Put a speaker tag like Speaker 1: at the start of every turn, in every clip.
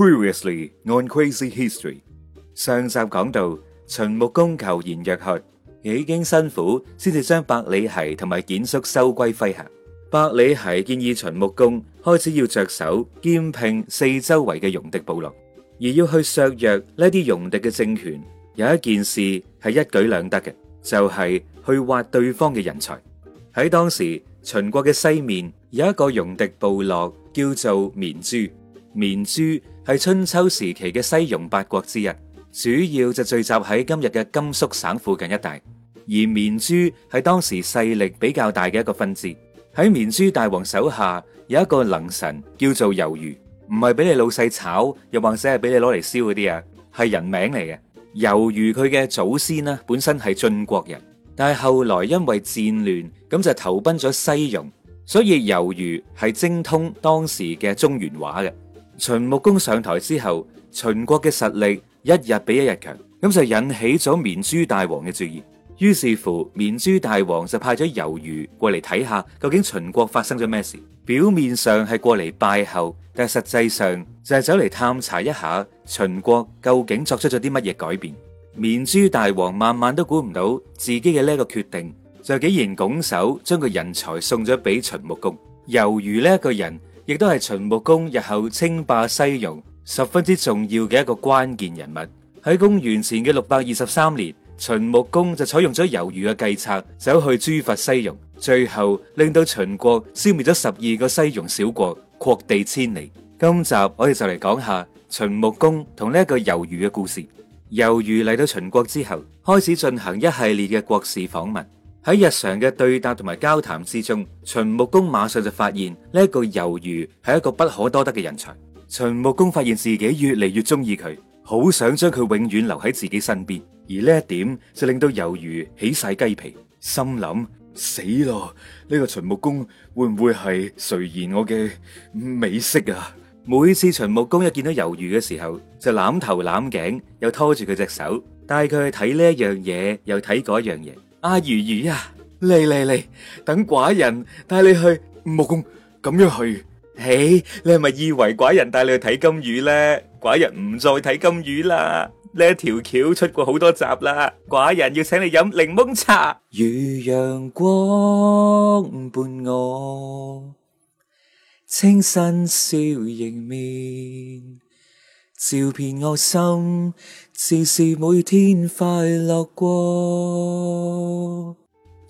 Speaker 1: Previously on Crazy History，上集講到秦穆公求賢若渴，幾經辛苦先至將百里奚同埋蹇叔收歸麾下。百里奚建議秦穆公開始要着手兼並四周圍嘅戎狄部落，而要去削弱呢啲戎狄嘅政權。有一件事係一舉兩得嘅，就係去挖對方嘅人才。喺當時，秦國嘅西面有一個戎狄部落叫做綿諸。綿諸係春秋時期嘅西戎八國之一，主要就聚集喺今日嘅甘肅省附近一帶。而綿諸係當時勢力比較大嘅一個分支。喺綿諸大王手下有一個能臣叫做由余，唔係俾你老細炒，又或者係俾你攞嚟燒嗰啲啊，係人名嚟嘅。由余佢嘅祖先呢，本身係晉國人，但係後來因為戰亂，咁就投奔咗西戎，所以由余係精通當時嘅中原話嘅。秦穆公上台之後，秦國嘅實力一日比一日強，咁就引起咗綿諸大王嘅注意。於是乎，綿諸大王就派咗由余過嚟睇下，究竟秦國發生咗咩事。表面上係過嚟拜候，但係實際上就係走嚟探查一下秦國究竟作出咗啲乜嘢改變。綿諸大王萬萬都估唔到，自己嘅呢一個決定就竟然拱手將個人才送咗俾秦穆公。由余呢一個人。亦都係秦穆公日後稱霸西戎十分之重要嘅一個關鍵人物。喺公元前嘅六百二十三年，秦穆公就採用咗由余嘅計策，走去誅伐西戎，最後令到秦國消滅咗十二個西戎小國，擴地千里。今集我哋就嚟講下秦穆公同呢一個由余嘅故事。由余嚟到秦國之後，開始進行一系列嘅國事訪問。喺日常嘅對答同埋交談之中，秦穆公馬上就發現呢一個由余係一個不可多得嘅人才。秦穆公發現自己越嚟越中意佢，好想將佢永遠留喺自己身邊。而呢一點就令到由余起晒雞皮，心諗死咯！呢個秦穆公會唔會係垂涎我嘅美色啊？每次秦穆公一見到由余嘅時候，就攬頭攬頸，又拖住佢隻手，帶佢去睇呢一樣嘢，又睇嗰一樣嘢。阿魚魚呀，嚟嚟嚟，等寡人帶你去穆公咁樣去。嘿，你係咪以為寡人帶你去睇金魚呢？寡人唔再睇金魚啦，呢一條橋出過好多集啦。寡人要請你飲檸檬茶，
Speaker 2: 如陽光伴我，清新笑迎面，照遍我心。事事每天快樂過。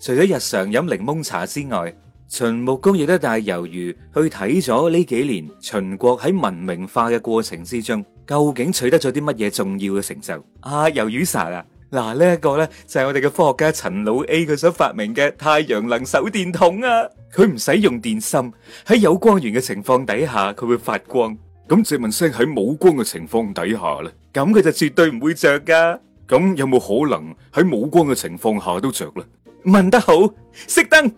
Speaker 1: 除咗日常飲檸檬茶之外，秦穆公亦都帶由余去睇咗呢幾年秦國喺文明化嘅過程之中，究竟取得咗啲乜嘢重要嘅成就？啊，由余神啊，嗱，呢一個呢就係我哋嘅科學家陳老 A 佢所發明嘅太陽能手電筒啊，佢唔使用電芯，喺有光源嘅情況底下佢會發光。咁借問聲喺冇光嘅情況底下咧，咁佢就絕對唔會着噶。咁有冇可能喺冇光嘅情況下都着咧？問得好，熄燈。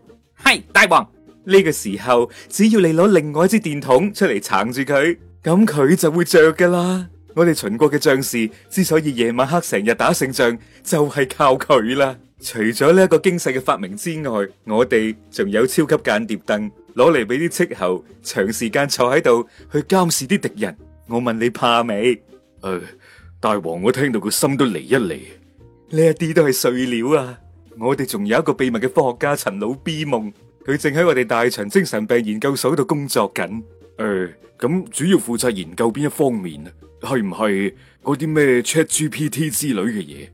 Speaker 1: 係大王。呢個時候，只要你攞另外一支電筒出嚟撐住佢，咁佢就會着噶啦。我哋秦國嘅將士之所以夜晚黑成日打勝仗，就係靠佢啦。除咗呢一個驚世嘅發明之外，我哋仲有超級間諜燈。攞嚟俾啲斥候，長時間坐喺度去監視啲敵人。我問你怕未？誒、呃，大王，我聽到個心都離一離。呢一啲都係碎料啊！我哋仲有一個秘密嘅科學家陳老 B 夢，佢正喺我哋大秦精神病研究所度工作緊。誒、呃，咁主要負責研究邊一方面啊？係唔係嗰啲咩 ChatGPT 之類嘅嘢？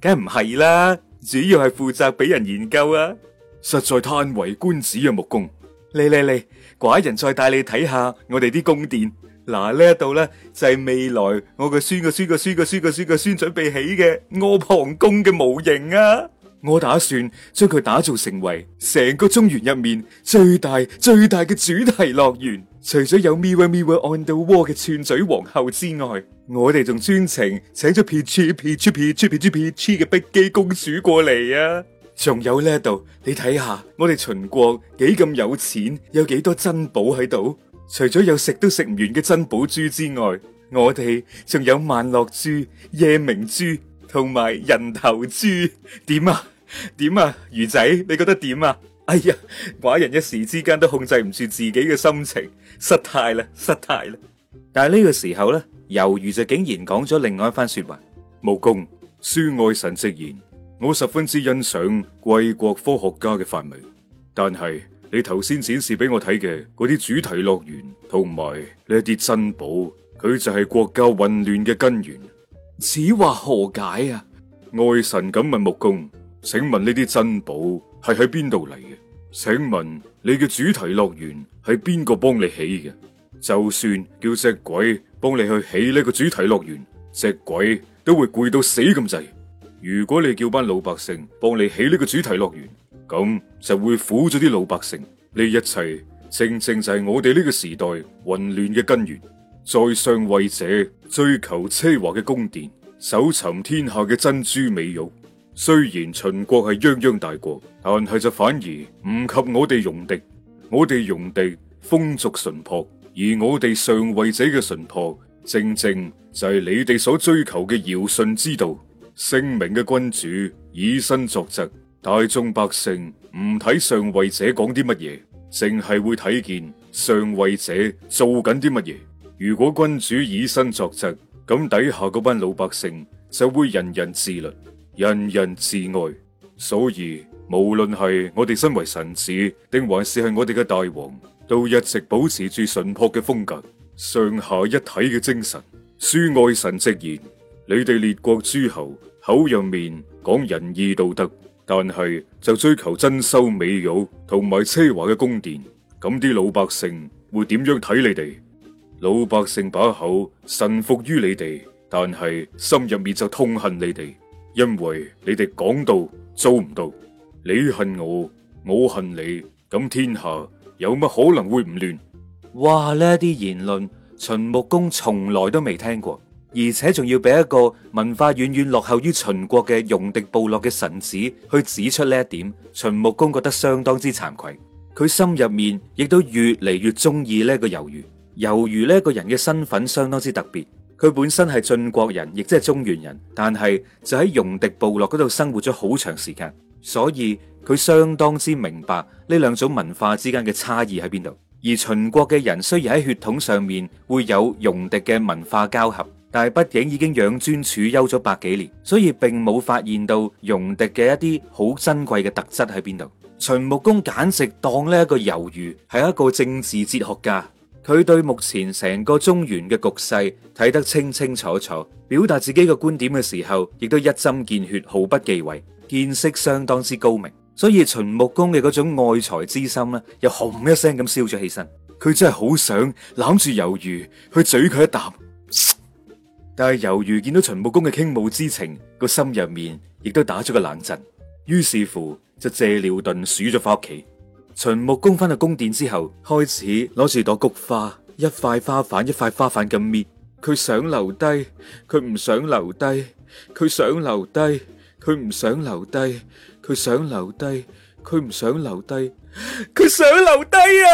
Speaker 1: 梗係唔係啦，主要係負責俾人研究啊！實在嘆為觀止啊，木工。嚟嚟嚟，寡人再帶你睇下我哋啲宮殿。嗱，呢一度咧就係、是、未來我個孫個孫個孫個孫個孫個孫準備起嘅臥房宮嘅模型啊！School, 我打算將佢打造成為成個中原入面最大最大嘅主題樂園。除咗有咪 i 咪 a 按到 w 嘅串嘴皇后之外，我哋仲專程請咗 peachy p e a c 嘅碧姬公主過嚟啊！仲有呢度，你睇下我哋秦國幾咁有錢，有幾多珍寶喺度？除咗有食都食唔完嘅珍寶珠之外，我哋仲有萬樂珠、夜明珠同埋人頭珠。點啊？點啊？魚仔，你覺得點啊？哎呀，寡人一時之間都控制唔住自己嘅心情，失態啦，失態啦！但係呢個時候咧，由余就竟然講咗另外一番說話，穆公，恕愛臣直言。我十分之欣賞貴國科學家嘅發明，但係你頭先展示俾我睇嘅嗰啲主題樂園同埋呢一啲珍寶，佢就係國家混亂嘅根源。此話何解啊？愛神咁問穆公，請問呢啲珍寶係喺邊度嚟嘅？請問你嘅主題樂園係邊個幫你起嘅？就算叫隻鬼幫你去起呢個主題樂園，隻鬼都會攰到死咁滯。如果你叫班老百姓幫你起呢個主題樂園，咁就會苦咗啲老百姓。呢一切正正就係我哋呢個時代混亂嘅根源。在上位者追求奢華嘅宮殿，搜尋天下嘅珍珠美玉。雖然秦國係泱泱大國，但係就反而唔及我哋戎狄。我哋戎狄風俗淳樸，而我哋上位者嘅淳樸正正就係你哋所追求嘅堯舜之道。聖明嘅君主以身作則，大眾百姓唔睇上位者講啲乜嘢，淨係會睇見上位者做緊啲乜嘢。如果君主以身作則，咁底下嗰班老百姓就會人人自律、人人自愛。所以，無論係我哋身為臣子，定還是係我哋嘅大王，都一直保持住淳樸嘅風格、上下一體嘅精神。蘇愛臣直言：你哋列國諸侯。口入面講仁義道德，但係就追求珍饈美肉同埋奢華嘅宮殿，咁啲老百姓會點樣睇你哋？老百姓把口臣服於你哋，但係心入面就痛恨你哋，因為你哋講到做唔到，你恨我，我恨你，咁天下有乜可能會唔亂？哇！呢啲言論，秦穆公從來都未聽過。而且仲要俾一個文化遠遠落後於秦國嘅戎狄部落嘅臣子去指出呢一點，秦穆公覺得相當之慚愧。佢心入面亦都越嚟越中意呢一個由余。由余呢一個人嘅身份相當之特別，佢本身係晉國人，亦即係中原人，但係就喺戎狄部落嗰度生活咗好長時間，所以佢相當之明白呢兩種文化之間嘅差異喺邊度。而秦國嘅人雖然喺血統上面會有戎狄嘅文化交合。但係畢竟已經養尊處優咗百幾年，所以並冇發現到戎狄嘅一啲好珍貴嘅特質喺邊度。秦穆公簡直當呢一個由余係一個政治哲學家，佢對目前成個中原嘅局勢睇得清清楚楚，表達自己嘅觀點嘅時候，亦都一針見血，毫不忌諱，見識相當之高明。所以秦穆公嘅嗰種愛才之心呢，又轟一聲咁燒咗起身，佢真係好想攬住由余去嘴佢一啖。但係，由於見到秦穆公嘅傾慕之情，個心入面亦都打咗個冷震，於是乎就借尿遁，鼠咗翻屋企。秦穆公翻到宮殿之後，開始攞住朵菊花，一塊花瓣一塊花瓣咁搣。佢想留低，佢唔想留低；佢想留低，佢唔想留低；佢想留低，佢唔想留低；佢想留低啊！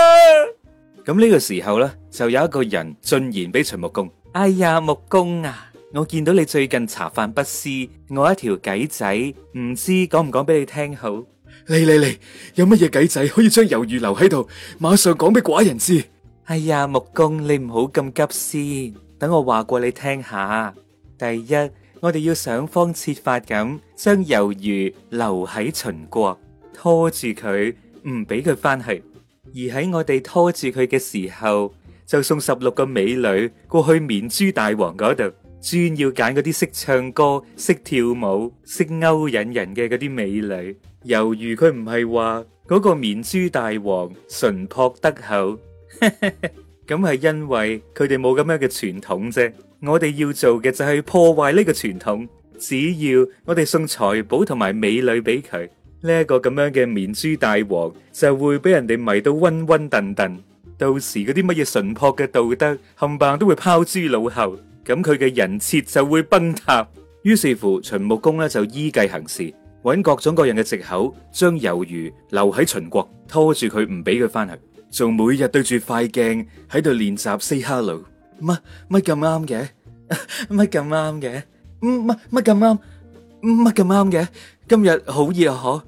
Speaker 1: 咁呢個時候呢，就有一個人進言俾秦穆公。哎呀，穆公啊，我見到你最近茶飯不思，我一條計仔唔知講唔講俾你聽好？嚟嚟嚟，有乜嘢計仔可以將由余留喺度？馬上講俾寡人知。哎呀，穆公，你唔好咁急先，等我話過你聽下。第一，我哋要想方設法咁將由余留喺秦國，拖住佢，唔俾佢翻去。而喺我哋拖住佢嘅時候。就送十六個美女過去綿珠大王嗰度，專要揀嗰啲識唱歌、識跳舞、識勾引人嘅嗰啲美女。由於佢唔係話嗰個綿珠大王純樸得口，咁 係因為佢哋冇咁樣嘅傳統啫。我哋要做嘅就係破壞呢個傳統，只要我哋送財寶同埋美女俾佢，呢、這、一個咁樣嘅綿珠大王就會俾人哋迷到暈暈頓頓。到時嗰啲乜嘢純樸嘅道德，冚唪唥都會拋諸腦後，咁佢嘅人設就會崩塌。於是乎，秦穆公咧就依計行事，揾各種各樣嘅藉口，將由余留喺秦國，拖住佢唔俾佢翻去，仲每日對住塊鏡喺度練習 say hello。
Speaker 2: 乜乜咁啱嘅？乜咁啱嘅？嗯，乜乜咁啱？乜咁啱嘅？今日好熱啊！嗬，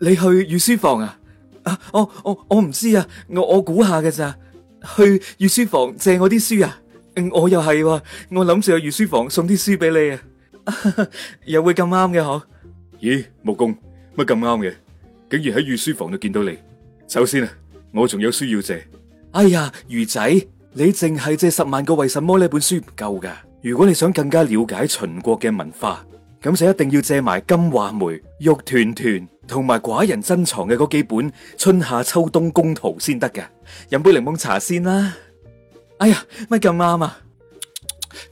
Speaker 2: 你去御書房啊？啊！我我我唔知啊，
Speaker 1: 我我估下嘅咋？去御書房借我啲書啊！我又係，我諗住去御書房送啲書俾你啊， 又會咁啱嘅嗬？咦，穆公乜咁啱嘅？竟然喺御書房度見到你。首先啊，我仲有書要借。哎呀，魚仔，你淨係借十萬個為什麼呢本書唔夠噶？如果你想更加了解秦國嘅文化，咁就一定要借埋金話梅、玉團團同埋寡人珍藏嘅嗰幾本春夏秋冬公圖先得㗎。飲杯檸檬茶先啦。哎呀，乜咁啱啊？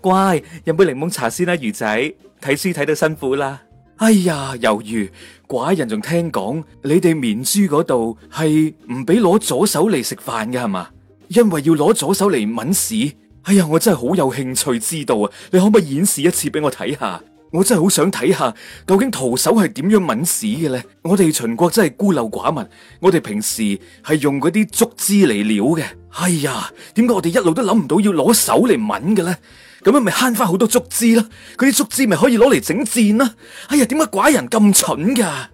Speaker 1: 乖，飲杯檸檬茶先啦，魚仔。睇書睇得辛苦啦。哎呀，猶豫寡人仲聽講，你哋綿珠嗰度係唔俾攞左手嚟食飯嘅係嘛？因為要攞左手嚟搵屎。哎呀，我真係好有興趣知道啊！你可唔可以演示一次俾我睇下？我真係好想睇下究竟徒手係點樣吻屎嘅咧？我哋秦國真係孤陋寡聞，我哋平時係用嗰啲竹枝嚟撩嘅。哎呀，點解我哋一路都諗唔到要攞手嚟吻嘅咧？咁樣咪慳翻好多竹枝囉，嗰啲竹枝咪可以攞嚟整箭囉。哎呀，點解寡人咁蠢噶？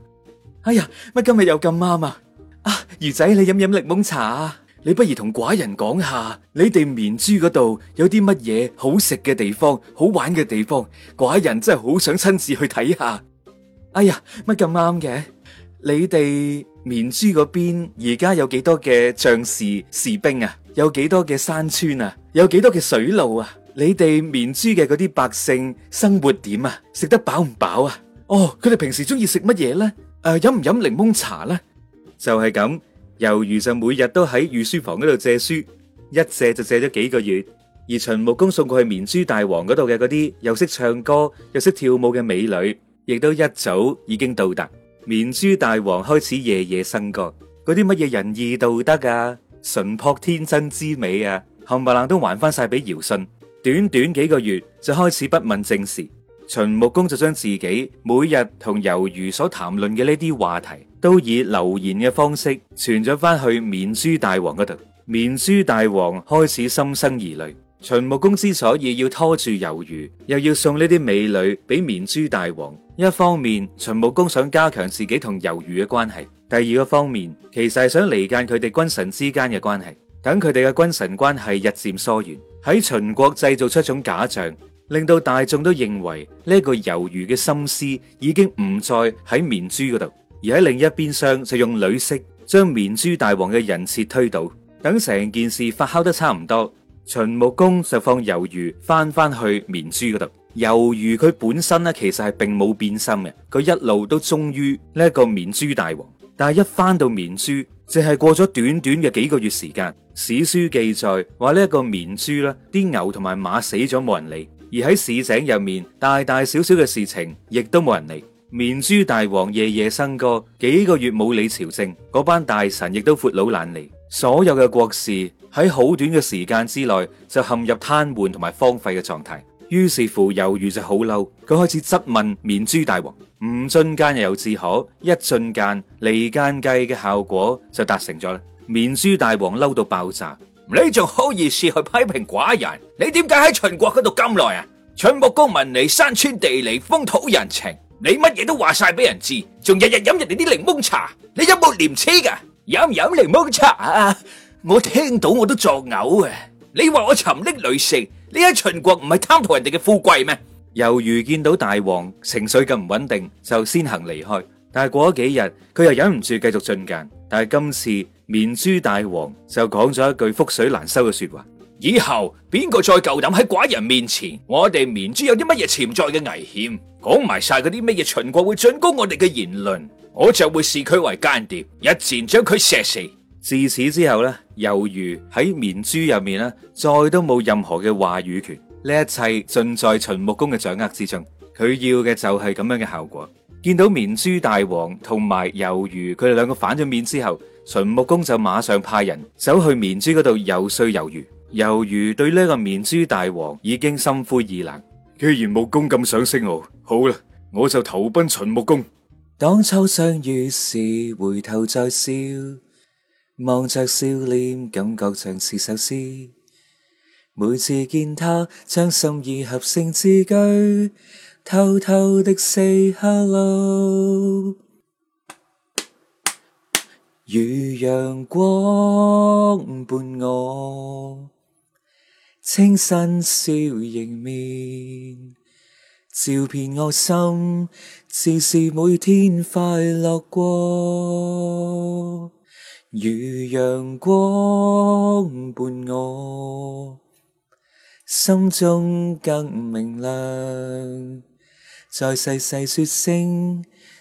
Speaker 1: 哎呀，乜今日又咁啱啊！啊，魚仔，你飲飲檸檬茶啊！你不如同寡人講下，你哋綿珠嗰度有啲乜嘢好食嘅地方、好玩嘅地方？寡人真係好想親自去睇下。
Speaker 2: 哎呀，乜咁啱嘅？
Speaker 1: 你哋綿珠嗰邊而家有幾多嘅將士士兵啊？有幾多嘅山村啊？有幾多嘅水路啊？你哋綿珠嘅嗰啲百姓生活點啊？食得飽唔飽啊？哦，佢哋平時中意食乜嘢咧？誒、呃，飲唔飲檸檬茶咧？就係、是、咁。猶豫就每日都喺御書房嗰度借書，一借就借咗幾個月。而秦穆公送過去綿珠大王嗰度嘅嗰啲又識唱歌又識跳舞嘅美女，亦都一早已經到達。綿珠大王開始夜夜笙歌，嗰啲乜嘢仁義道德啊、純朴天真之美啊，冚唪唥都還翻晒俾堯舜。短短幾個月就開始不問政事。秦穆公就將自己每日同由余所談論嘅呢啲話題，都以流言嘅方式傳咗翻去綿諸大王嗰度。綿諸大王開始心生疑慮。秦穆公之所以要拖住由余，又要送呢啲美女俾綿諸大王，一方面秦穆公想加強自己同由余嘅關係，第二個方面其實係想離間佢哋君臣之間嘅關係，等佢哋嘅君臣關係日漸疏遠，喺秦國製造出一種假象。令到大眾都認為呢一個由余嘅心思已經唔再喺綿諸嗰度，而喺另一邊上就用女色將綿諸大王嘅人設推倒。等成件事發酵得差唔多，秦穆公就放由余翻翻去綿諸嗰度。由余佢本身咧，其實係並冇變心嘅，佢一路都忠於呢一個綿諸大王。但係一翻到綿諸，淨係過咗短短嘅幾個月時間。史書記載話呢一個綿諸咧，啲牛同埋馬死咗冇人理。而喺市井入面，大大小小嘅事情，亦都冇人理。綿諸大王夜夜笙歌，幾個月冇理朝政，嗰班大臣亦都闊佬懶理，所有嘅國事喺好短嘅時間之內就陷入癱瘓同埋荒廢嘅狀態。於是乎，由余就好嬲，佢開始質問綿諸大王：唔進間又有自可，一進間離間計嘅效果就達成咗啦。綿諸大王嬲到爆炸。你仲好意思去批評寡人？你點解喺秦國嗰度咁耐啊？秦穆公問你山川地理、風土人情，你乜嘢都話晒俾人知，仲日日飲人哋啲檸檬茶，你有冇廉恥噶？飲唔飲檸檬茶啊？我聽到我都作嘔啊！你話我沉溺女性，你喺秦國唔係貪圖人哋嘅富貴咩？由於見到大王情緒咁唔穩定，就先行離開。但係過咗幾日，佢又忍唔住繼續進諫。但係今次。綿諸大王就講咗一句覆水難收嘅說話，以後邊個再夠膽喺寡人面前，我哋綿諸有啲乜嘢潛在嘅危險，講埋晒嗰啲乜嘢秦國會進攻我哋嘅言論，我就會視佢為間諜，一箭將佢射死。自此之後咧，由余喺綿諸入面咧，再都冇任何嘅話語權，呢一切盡在秦穆公嘅掌握之中。佢要嘅就係咁樣嘅效果。見到綿諸大王同埋由余佢哋兩個反咗面之後。秦穆公就馬上派人走去綿諸嗰度遊説由余，由余對呢個綿諸大王已經心灰意冷，既然穆公咁想識我，好啦，我就投奔秦穆公。
Speaker 2: 當初相遇時，回頭再笑，望着笑臉，感覺像是首詩。每次見他，將心意合成字句，偷偷的 say hello。如陽光伴我，清新笑迎面，照遍我心，自是每天快樂過。如陽光伴我，心中更明亮，再細細説聲。